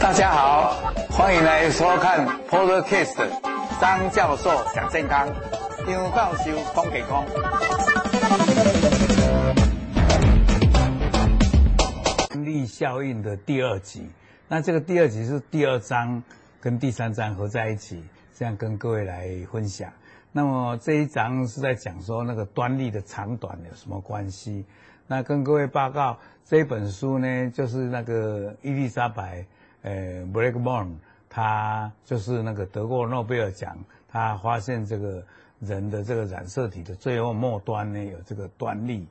大家好，歡迎來收看 Podcast 張教授講健康，張教修康健康。端粒效應的第二集，那這個第二集是第二章跟第三章合在一起，這樣跟各位來分享。那麼，這一章是在講說那個端粒的長短有什麼關係？那跟各位報告，這一本書呢，就是那個伊麗莎白，呃，Blackburn，他就是那個得過諾貝爾獎，他發現這個人的這個染色體的最後末端呢，有這個端粒，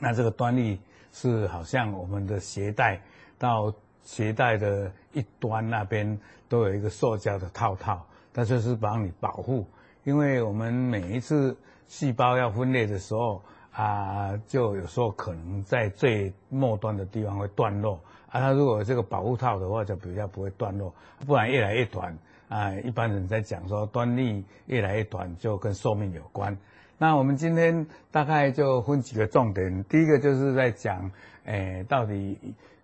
那這個端粒是好像我們的鞋帶，到鞋帶的一端那邊都有一個塑膠的套套，它就是幫你保護，因為我們每一次細胞要分裂的時候。啊，就有時候可能在最末端的地方會斷落啊。它如果有這個保護套的話，就比較不會斷落，不然越來越短啊。一般人在講說端粒越來越短，就跟壽命有關。那我們今天大概就分幾個重點，第一個就是在講，誒、哎，到底誒、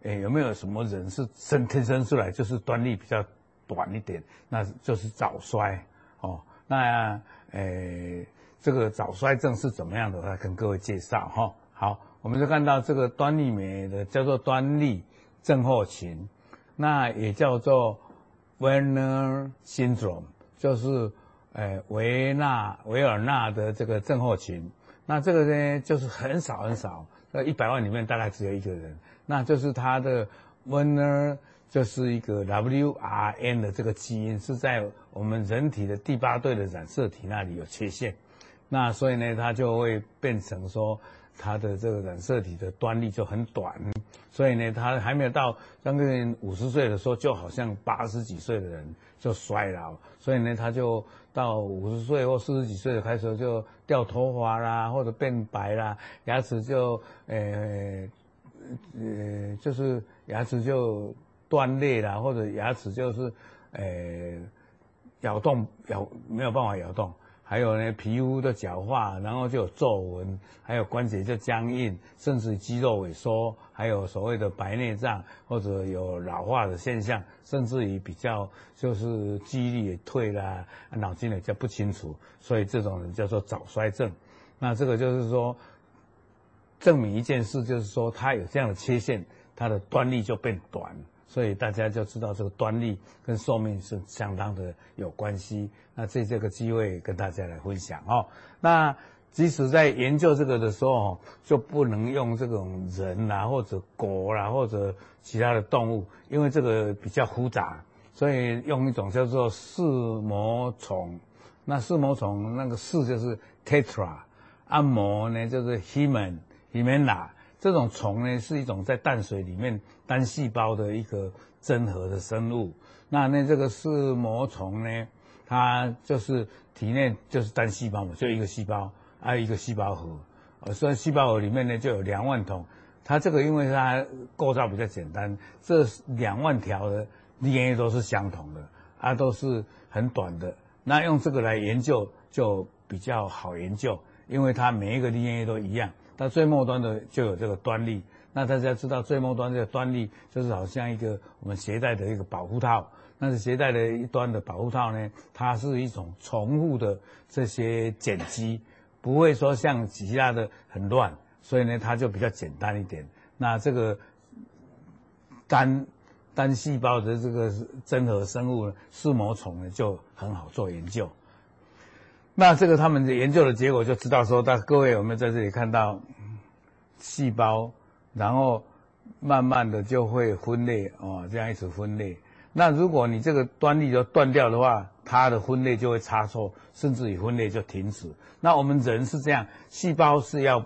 哎、有沒有什麼人是生天生出來就是端粒比較短一點，那就是早衰哦。那誒、啊。哎這個早衰症是怎麼樣的？我來跟各位介紹哈。好，我們就看到這個端粒酶的，叫做端粒症候群，那也叫做 Werner Syndrome，就是誒維納、維爾納的這個症候群。那這個呢，就是很少很少，在一百萬裡面大概只有一個人。那就是他的 Werner，就是一個 W R N 的這個基因是在我們人體的第八對的染色體那裡有缺陷。那所以呢，它就會變成說，它的這個染色體的端粒就很短，所以呢，它還沒有到將近五十歲的時候，就好像八十幾歲的人就衰老，所以呢，它就到五十歲或四十幾歲的開始就掉頭髮啦，或者變白啦，牙齒就誒，呃、欸欸，就是牙齒就斷裂啦，或者牙齒就是誒、欸、咬動，咬，沒有辦法咬動。還有呢，皮膚的角化，然後就有皺紋，還有關節就僵硬，甚至肌肉萎縮，還有所謂的白內障或者有老化的現象，甚至於比較就是記憶力也退啦，腦筋也就不清楚，所以這種人叫做早衰症。那這個就是說，證明一件事，就是說他有這樣的缺陷，他的端粒就變短。所以大家就知道這個端粒跟壽命是相當的有關係。那這這個機會跟大家來分享哦。那即使在研究這個的時候哦，就不能用這種人啦、啊、或者狗啦、啊、或者其他的動物，因為這個比較複雜，所以用一種叫做四膜蟲。那四膜蟲那個四就是 tetra，那膜呢就是 hymena，hymena 這種蟲呢是一種在淡水裡面單細胞的一個真核的生物。那那這個四膜蟲呢，它就是體內就是單細胞嘛，對就一個細胞，還、啊、有一個細胞核。呃、啊，所以細胞核裡面呢就有兩萬條，它這個因為它構造比較簡單，這兩萬條的 DNA 都是相同的，啊都是很短的。那用這個來研究就比較好研究，因為它每一個 DNA 都一樣。那最末端的就有這個端粒，那大家知道最末端這個端粒就是好像一個我們鞋帶的一個保護套，但是鞋帶的一端的保護套呢，它是一種重複的這些鹼基，不會說像其他的很亂，所以呢它就比較簡單一點。那這個單單細胞的這個真核生物，四膜蟲呢就很好做研究。那這個他們的研究的結果就知道說，但各位有沒有在這裡看到，細胞，然後慢慢的就會分裂哦，這樣一直分裂。那如果你這個端粒就斷掉的話，它的分裂就會差錯，甚至於分裂就停止。那我們人是這樣，細胞是要。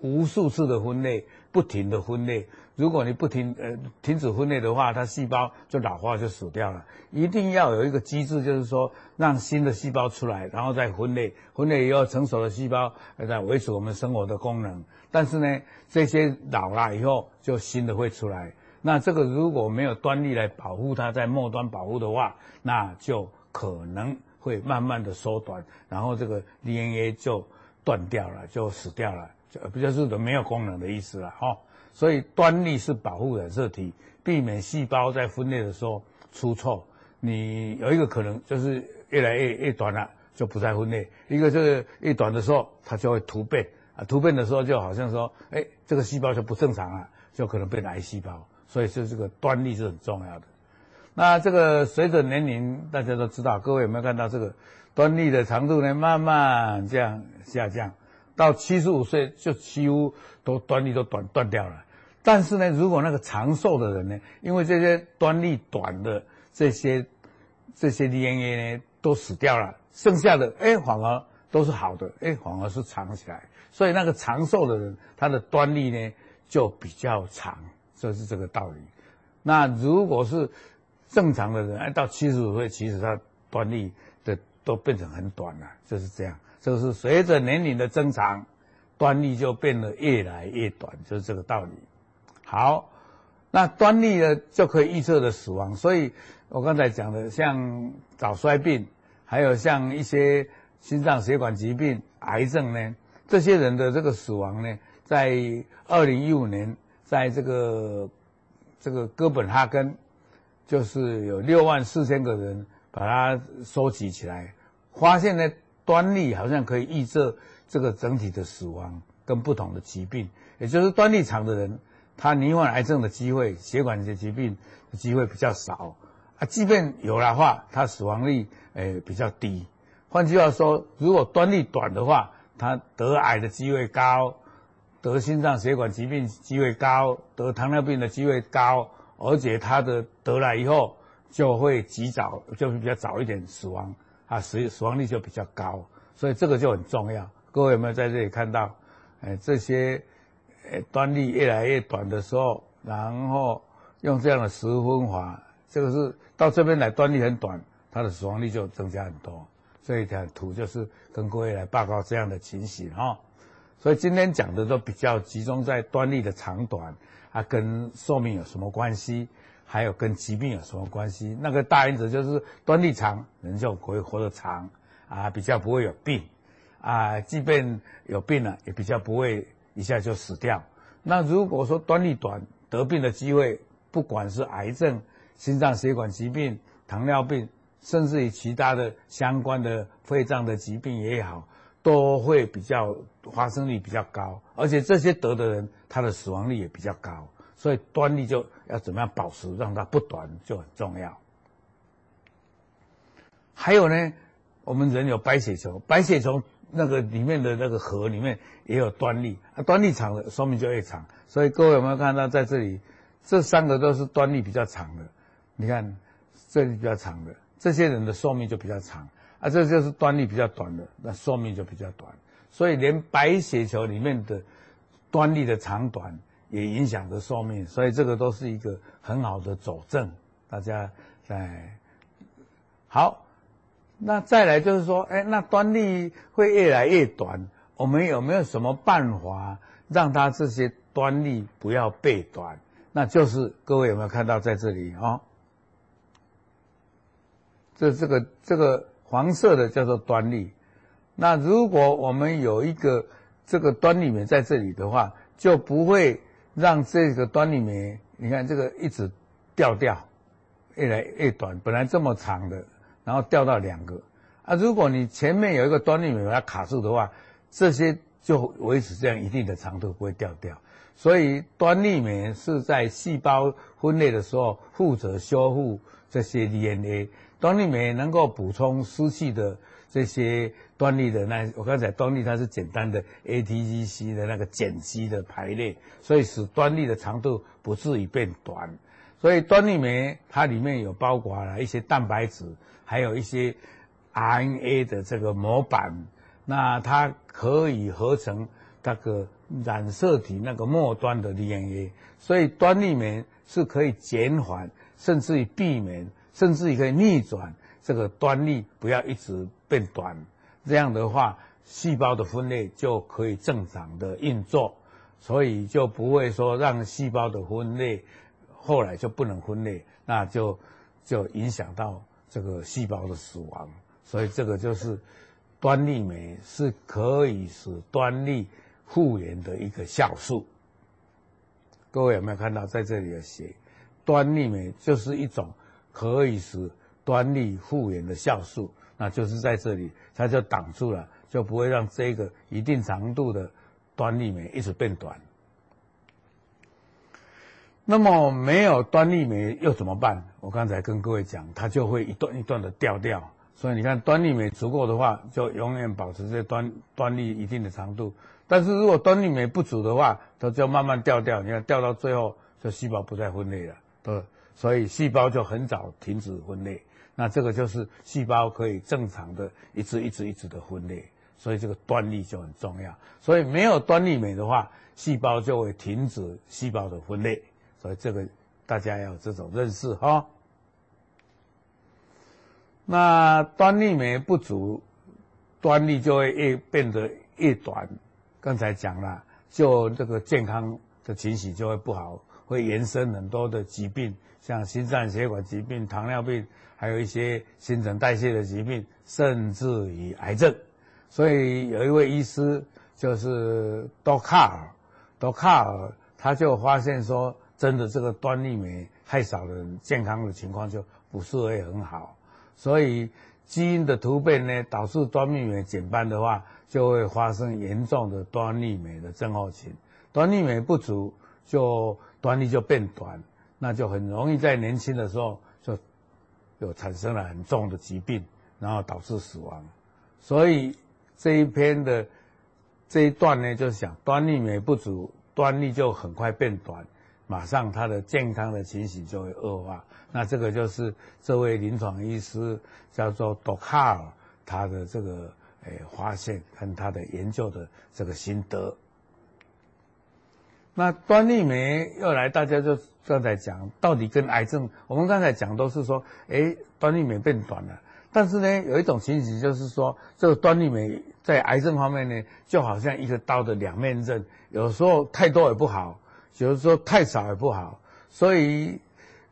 無數次的分裂，不停的分裂。如果你不停呃停止分裂的話，它細胞就老化就死掉了。一定要有一個機制，就是說讓新的細胞出來，然後再分裂，分裂以後成熟的細胞還在維持我們生活的功能。但是呢，這些老了以後，就新的會出來。那這個如果沒有端粒來保護它在末端保護的話，那就可能會慢慢的縮短，然後這個 DNA 就斷掉了，就死掉了。比較、就是的，沒有功能的意思了哈、哦，所以端粒是保護染色體，避免細胞在分裂的時候出錯。你有一個可能就是越來越越短了，就不再分裂；一個就是越短的時候，它就會突變啊，突變的時候就好像說，哎、欸，這個細胞就不正常了，就可能變癌細胞。所以，就這個端粒是很重要的。那這個隨着年齡，大家都知道，各位有沒有看到這個端粒的長度呢？慢慢這樣下降。到七十五歲就幾乎都端粒都短斷掉了。但是呢，如果那個長壽的人呢，因為這些端粒短的這些這些 DNA 呢都死掉了，剩下的哎反而都是好的，哎反而是長起來。所以那個長壽的人他的端粒呢就比較長，這、就是這個道理。那如果是正常的人，哎、欸、到七十五歲其實他端粒的都變成很短了，就是這樣。就是隨着年齡的增長，端粒就變得越來越短，就是這個道理。好，那端粒呢就可以預測的死亡。所以，我剛才講的像早衰病，還有像一些心臟血管疾病、癌症呢，這些人的這個死亡呢，在二零一五年，在這個這個哥本哈根，就是有六萬四千個人把它收集起來，發現呢。端粒好像可以抑制這個整體的死亡跟不同的疾病，也就是端粒長的人，他罹患癌症的機會、血管這些疾病的機會比較少，啊，即便有了話，他死亡率誒比較低。換句話說，如果端粒短的話，他得癌的機會高，得心臟血管疾病機會高，得糖尿病的機會高，而且他的得了以後就會及早，就會比較早一點死亡。啊，死死亡率就比較高，所以這個就很重要。各位有沒有在這裡看到？哎、欸，這些，欸、端粒越來越短的時候，然後用這樣的十分法，這個是到這邊來，端粒很短，它的死亡率就增加很多。這一條圖就是跟各位來報告這樣的情形哈、哦。所以今天講的都比較集中在端粒的長短啊，跟壽命有什麼關係？還有跟疾病有什麼關係？那個大原則就是端粒長，人就可以活得長，啊，比較不會有病，啊，即便有病了，也比較不會一下就死掉。那如果說端粒短，得病的機會，不管是癌症、心臟血管疾病、糖尿病，甚至於其他的相關的肺臟的疾病也好，都會比較發生率比較高，而且這些得的人，他的死亡率也比較高。所以端粒就要怎麼樣保持，讓它不短就很重要。還有呢，我們人有白血球，白血球那個裡面的那個核裡面也有端粒，啊，端粒長的壽命就越長。所以各位有沒有看到在這裡，這三個都是端粒比較長的，你看這裡比較長的，這些人的壽命就比較長。啊，這就是端粒比較短的，那壽命就比較短。所以連白血球裡面的端粒的長短，也影響着壽命，所以這個都是一個很好的佐證。大家在好，那再來就是說，哎，那端粒會越來越短，我們有沒有什麼辦法讓它這些端粒不要被短？那就是各位有沒有看到在這裡啊？這這個這個黃色的叫做端粒。那如果我們有一個這個端粒酶在這裡的話，就不會。讓這個端粒酶，你看這個一直掉掉，越來越短，本來這麼長的，然後掉到兩個。啊，如果你前面有一個端粒酶把它卡住的話，這些就維持這樣一定的長度，不會掉掉。所以端粒酶是在細胞分裂的時候負責修復這些 DNA，端粒酶能夠補充失去的。這些端粒的那，我剛才端粒它是簡單的 A T G C 的那個鹼基的排列，所以使端粒的長度不至於變短。所以端粒酶它裡面有包括了一些蛋白質，還有一些 R N A 的這個模板，那它可以合成那個染色體那個末端的 D N A，所以端粒酶是可以減緩，甚至於避免，甚至於可以逆轉這個端粒不要一直。變短，這樣的話，細胞的分裂就可以正常的運作，所以就不會說讓細胞的分裂後來就不能分裂，那就就影響到這個細胞的死亡。所以這個就是端粒酶是可以使端粒復原的一個酵素。各位有沒有看到在這裡有寫，端粒酶就是一種可以使端粒復原的酵素。那就是在這裡，它就擋住了，就不會讓這個一定長度的端粒酶一直變短。那麼沒有端粒酶又怎麼辦？我剛才跟各位講，它就會一段一段的掉掉。所以你看，端粒酶足夠的話，就永遠保持這端端粒一定的長度。但是如果端粒酶不足的話，它就，就慢慢掉掉。你看，掉到最後，這細胞不再分裂了，對，所以細胞就很早停止分裂。那這個就是細胞可以正常的一直一直一直的分裂，所以這個端粒就很重要。所以沒有端粒酶的話，細胞就會停止細胞的分裂。所以這個大家要有這種認識哈、哦。那端粒酶不足，端粒就會越變得越短。剛才講了，就這個健康的情形就會不好，會延伸很多的疾病，像心臟血管疾病、糖尿病。還有一些新陳代謝的疾病，甚至於癌症。所以有一位醫師，就是 Dr. Carl，Dr. Carl，他就發現說，真的這個端粒酶，太少的人健康的情況就不是會很好。所以基因的突變呢，導致端粒酶減半的話，就會發生嚴重的端粒酶的症候群。端粒酶不足，就端粒就變短，那就很容易在年輕的時候，就產生了很重的疾病，然後導致死亡，所以這一篇的這一段呢，就想端粒酶不足，端粒就很快變短，馬上他的健康的情形就會惡化。那這個就是這位臨床醫師叫做 d do 卡爾他的這個誒、呃、發現跟他的研究的這個心得。那端粒酶又來大家就。剛才講到底跟癌症，我們剛才講都是說，哎，端粒酶變短了。但是呢，有一種情形就是說，這個端粒酶在癌症方面呢，就好像一個刀的兩面刃，有時候太多也不好，有時候太少也不好。所以，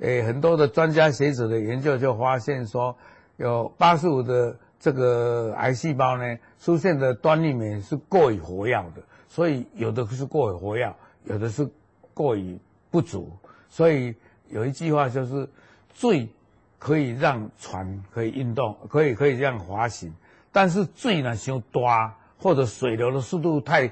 誒，很多的專家學者的研究就發現說，有八十五的這個癌細胞呢，出現的端粒酶是過於活躍的，所以有的是過於活躍，有的是過於不足。所以有一句話就是，水可以讓船可以運動，可以可以這樣滑行，但是水如果太大，或者水流的速度太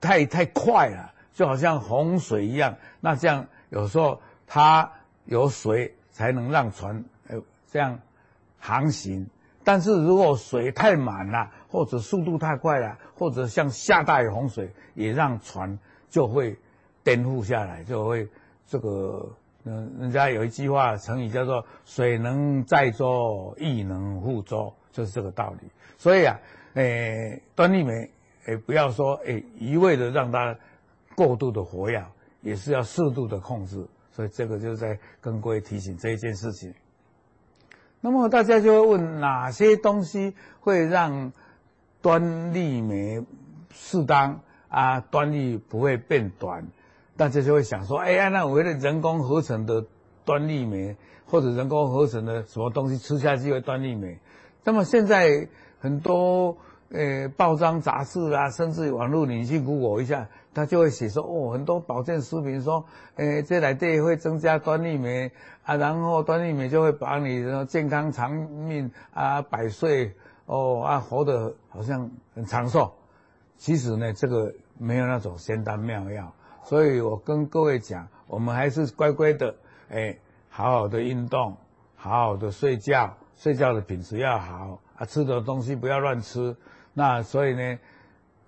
太太快了，就好像洪水一樣。那這樣有時候它有水才能讓船哎這樣航行，但是如果水太滿了，或者速度太快了，或者像下大雨洪水，也讓船就會顛覆下來，就會。這個，人人家有一句話成語叫做“水能載舟，亦能覆舟”，就是這個道理。所以啊，誒，端粒酶，誒，不要說誒一味的讓它過度的活躍，也是要適度的控制。所以這個就是在跟各位提醒這一件事情。那麼大家就會問，哪些東西會讓端粒酶適當啊，端粒不會變短？大家就會想說：“哎、啊，那我為了人工合成的端粒酶，或者人工合成的什麼東西吃下去會端粒酶？那麼現在很多呃報章雜誌啊，甚至網絡，你去 Google 一下，他就會寫說：哦，很多保健食品說，誒，這來對會增加端粒酶啊，然後端粒酶就會把你健康長命啊，百歲哦啊，活得好像很長壽。其實呢，這個沒有那種仙丹妙藥。”所以我跟各位講，我們還是乖乖的，哎，好好的運動，好好的睡覺，睡覺的品質要好啊，吃的東西不要亂吃。那所以呢，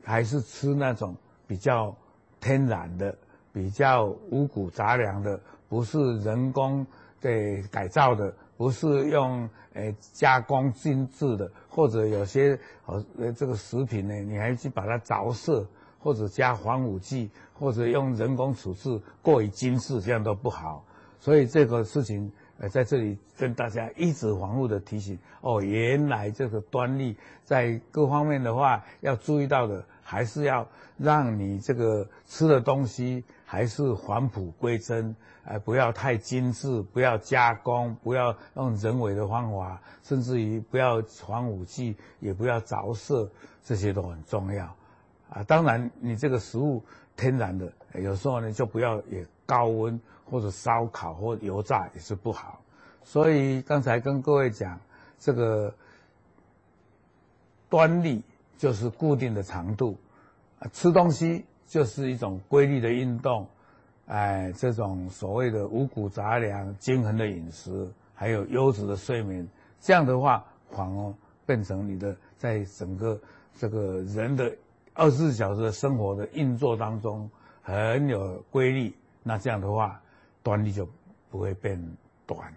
還是吃那種比較天然的，比較五穀雜糧的，不是人工對改造的，不是用誒、哎、加工精製的，或者有些好這個食品呢，你還去把它着色。或者加防腐劑，或者用人工處置過於精致，這樣都不好。所以這個事情，呃，在這裡跟大家一直反覆的提醒哦。原來這個端粒在各方面的話，要注意到的，還是要讓你這個吃的東西還是返璞歸真，哎、呃，不要太精致，不要加工，不要用人為的方法，甚至於不要防腐劑，也不要着色，這些都很重要。啊，當然，你這個食物天然的，哎、有時候呢就不要也高溫或者燒烤或油炸也是不好。所以剛才跟各位講，這個端粒就是固定的長度，啊，吃東西就是一種規律的運動，哎，這種所謂的五谷雜糧、均衡的飲食，還有優質的睡眠，這樣的話反而、哦、變成你的在整個這個人的。二十四小時的生活的運作當中很有規律，那這樣的話，端粒就不會變短。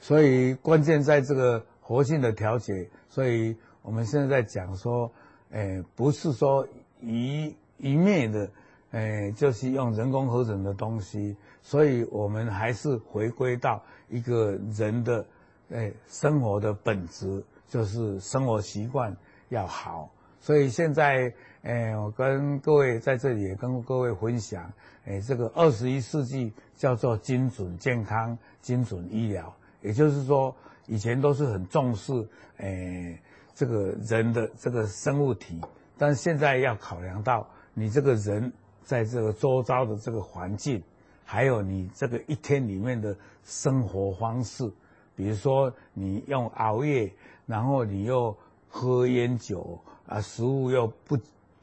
所以關鍵在這個活性的調節。所以我們現在在講說，誒、欸，不是說一一面的，誒、欸，就是用人工合成的東西。所以我們還是回歸到一個人的，誒、欸，生活的本質就是生活習慣。要好，所以現在，誒、呃，我跟各位在這裡也跟各位分享，誒、呃，這個二十一世紀叫做精準健康、精準醫療，也就是說，以前都是很重視，誒、呃，這個人的這個生物體，但現在要考量到你這個人在這個周遭的這個環境，還有你這個一天裡面的生活方式，比如說你用熬夜，然後你又喝菸酒啊，食物又不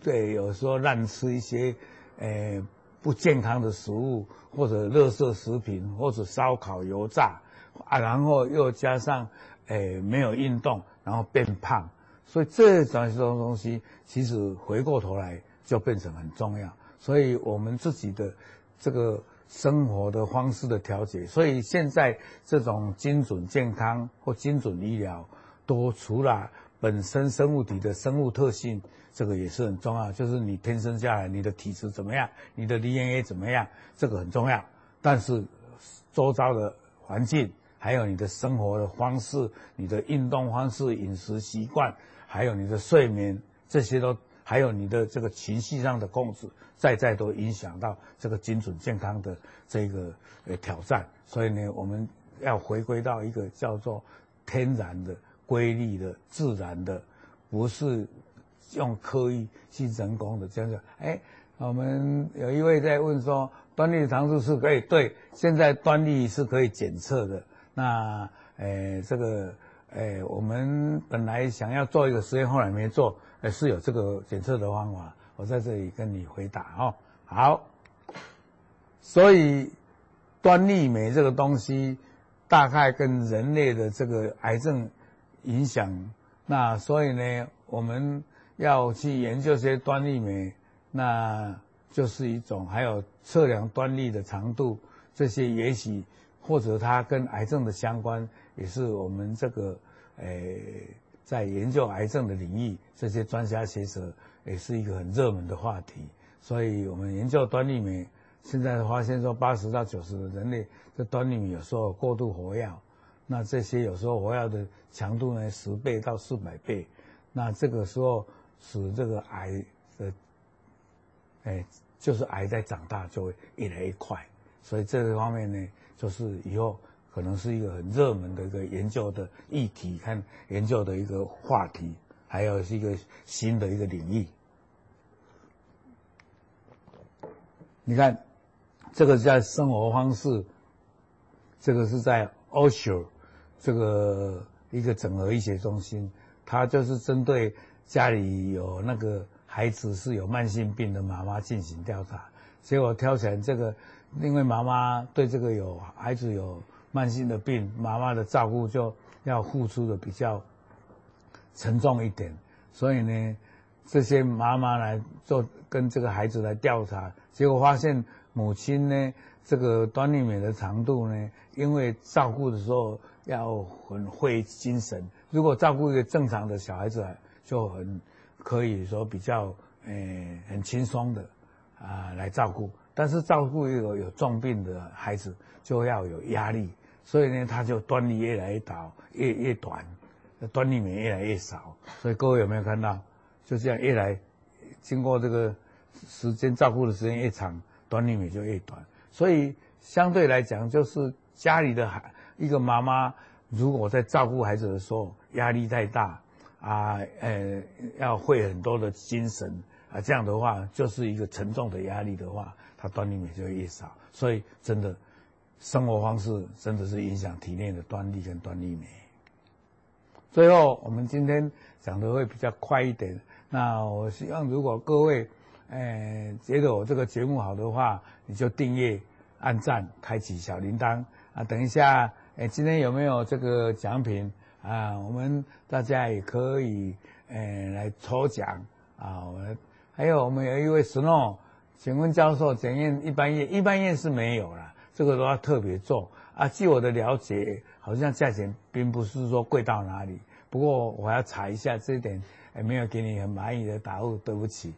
對，有時候亂吃一些，誒、呃，不健康的食物或者垃圾食品，或者燒烤油炸啊，然後又加上誒、呃，沒有運動，然後變胖，所以這種這種東西，其實回過頭來就變成很重要。所以我們自己的這個生活的方式的調節，所以現在這種精準健康或精準醫療，都除了本身生物體的生物特性，這個也是很重要。就是你天生下來，你的體質怎麼樣，你的 DNA 怎麼樣，這個很重要。但是周遭的環境，還有你的生活的方式、你的運動方式、飲食習慣，還有你的睡眠，這些都還有你的這個情緒上的控制，再再都影響到這個精準健康的這個呃挑戰。所以呢，我們要回歸到一個叫做天然的。規律的、自然的，不是用刻意去人工的這樣子。哎，我們有一位在問說，端粒的長度是可以，對，現在端粒是可以檢測的。那，哎，這個，哎，我們本來想要做一個實驗，後來沒做。誒，是有這個檢測的方法。我在這裡跟你回答哦。好，所以端粒酶這個東西，大概跟人類的這個癌症。影響那，所以呢，我們要去研究這些端粒酶，那就是一種，還有測量端粒的長度，這些也許或者它跟癌症的相關，也是我們這個誒、呃、在研究癌症的領域，這些專家學者也是一個很熱門的話題。所以我們研究端粒酶，現在發現說八十到九十的人類這端粒酶有時候過度活躍。那這些有時候活躍的強度呢，十倍到四百倍。那這個時候使這個癌的，哎，就是癌在長大，就會越來越快。所以這個方面呢，就是以後可能是一個很熱門的一個研究的議題，看研究的一個話題，還有是一個新的一個領域。你看，這個在生活方式，這個是在澳洲。這個一個整合醫學中心，它就是針對家裡有那個孩子是有慢性病的媽媽進行調查，結果挑起來這個，因為媽媽對這個有孩子有慢性的病，媽媽的照顧就要付出的比較沉重一點，所以呢，這些媽媽來做跟這個孩子來調查，結果發現母親呢，這個端粒酶的長度呢，因為照顧的時候。要很會精神，如果照顧一個正常的小孩子，就很可以說比較誒、呃、很輕鬆的啊來照顧。但是照顧一個有重病的孩子就要有壓力，所以呢，他就端粒越來越短，越越短，端粒酶越來越少。所以各位有沒有看到？就這樣越來經過這個時間照顧的時間越長，端粒酶就越短。所以相對來講，就是家裡的孩。一個媽媽如果在照顧孩子的時候壓力太大啊，呃，要費很多的精神啊，這樣的話就是一個沉重的壓力的話，他端粒酶就會越少。所以真的生活方式真的是影響體內的端粒跟端粒酶。最後，我們今天講的會比較快一點。那我希望如果各位呃覺得我這個節目好的話，你就訂閱、按讚、開啟小鈴鐺啊，等一下。哎，今天有沒有這個獎品啊？我們大家也可以，哎、欸，來抽獎啊！我們還有我們有一位 Snow，請問教授檢驗一般驗一般驗是沒有啦，這個都要特別做啊。據我的了解，好像價錢並不是說貴到哪裡，不過我要查一下這一點，欸、沒有給你很滿意的答覆，對不起。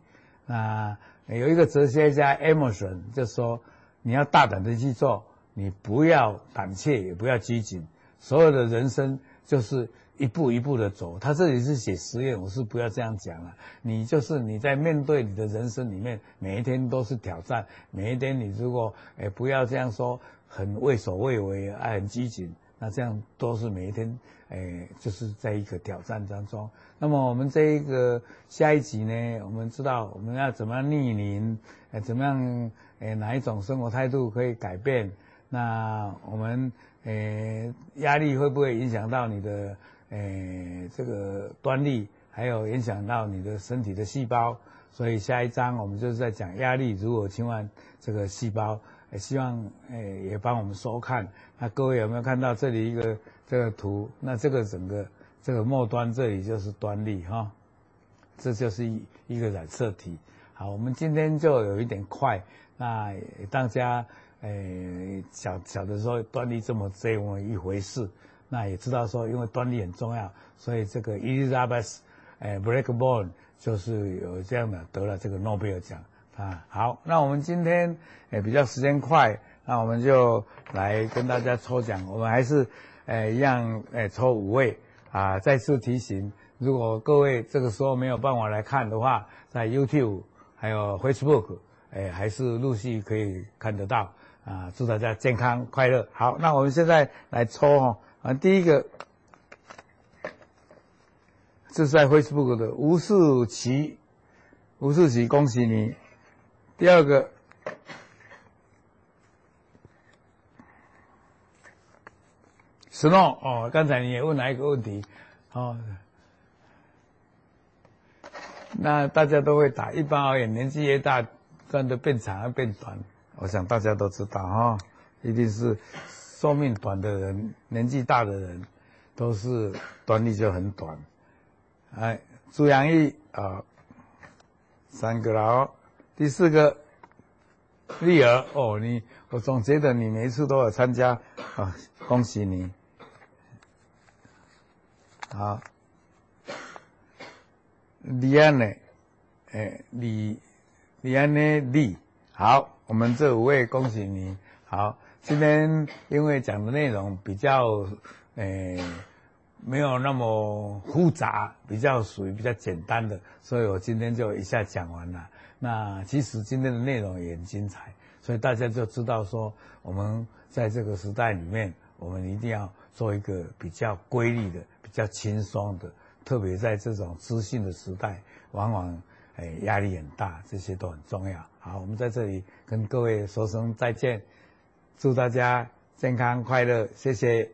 那有一個哲學家 Emerson 就說：“你要大膽的去做。”你不要膽怯，也不要拘謹，所有的人生就是一步一步的走。他這裡是寫實驗，我是不要這樣講了。你就是你在面對你的人生裡面，每一天都是挑戰。每一天你如果哎、欸、不要這樣說，很畏首畏尾，愛、啊、很拘謹，那這樣都是每一天哎、欸、就是在一個挑戰當中。那麼我們這一個下一集呢，我們知道我們要怎麼樣逆齡、欸，怎麼樣哎、欸、哪一種生活態度可以改變？那我們誒、呃，壓力會不會影響到你的誒、呃、這個端粒，還有影響到你的身體的細胞？所以下一章我們就是在講壓力如何侵犯這個細胞，呃、希望誒、呃、也幫我們收看。那各位有沒有看到這裡一個這個圖？那這個整個這個末端這裡就是端粒哈，這就是一一個染色體。好，我們今天就有一點快，那大家。哎、欸，小小的時候端粒這麼這麼一,一回事，那也知道說因為端粒很重要，所以這個 Elizabeth，哎 Blackburn 就是有這樣的得了這個諾貝爾獎啊。好，那我們今天、欸、比較時間快，那我們就來跟大家抽獎。我們還是、欸、一樣哎、欸、抽五位啊。再次提醒，如果各位這個時候沒有辦法來看的話，在 YouTube 還有 Facebook 哎、欸，還是陸續可以看得到。啊！祝大家健康快樂。好，那我們現在來抽哦。啊，第一個這是在 Facebook 的吳世奇，吳世奇，恭喜你。第二個，Snow 哦，剛才你也問哪一個問題哦？那大家都會打。一般而言，年紀越大，端粒是變長要變短。我想大家都知道哈、哦，一定是壽命短的人，年紀大的人，都是端粒就很短。哎，朱楊毅啊，三個了哦，第四個麗兒哦，你我總覺得你每一次都有參加啊，恭喜你。好，李安呢？哎，李李安呢？李好。我們這五位，恭喜你！好，今天因為講的內容比較，誒、欸，沒有那麼複雜，比較屬於比較簡單的，所以我今天就一下講完了。那其實今天的內容也很精彩，所以大家就知道說，我們在這個時代裡面，我們一定要做一個比較規律的、比較輕鬆的，特別在這種資訊的時代，往往。哎，壓力很大，這些都很重要。好，我們在這裡跟各位說聲再見，祝大家健康快樂，謝謝。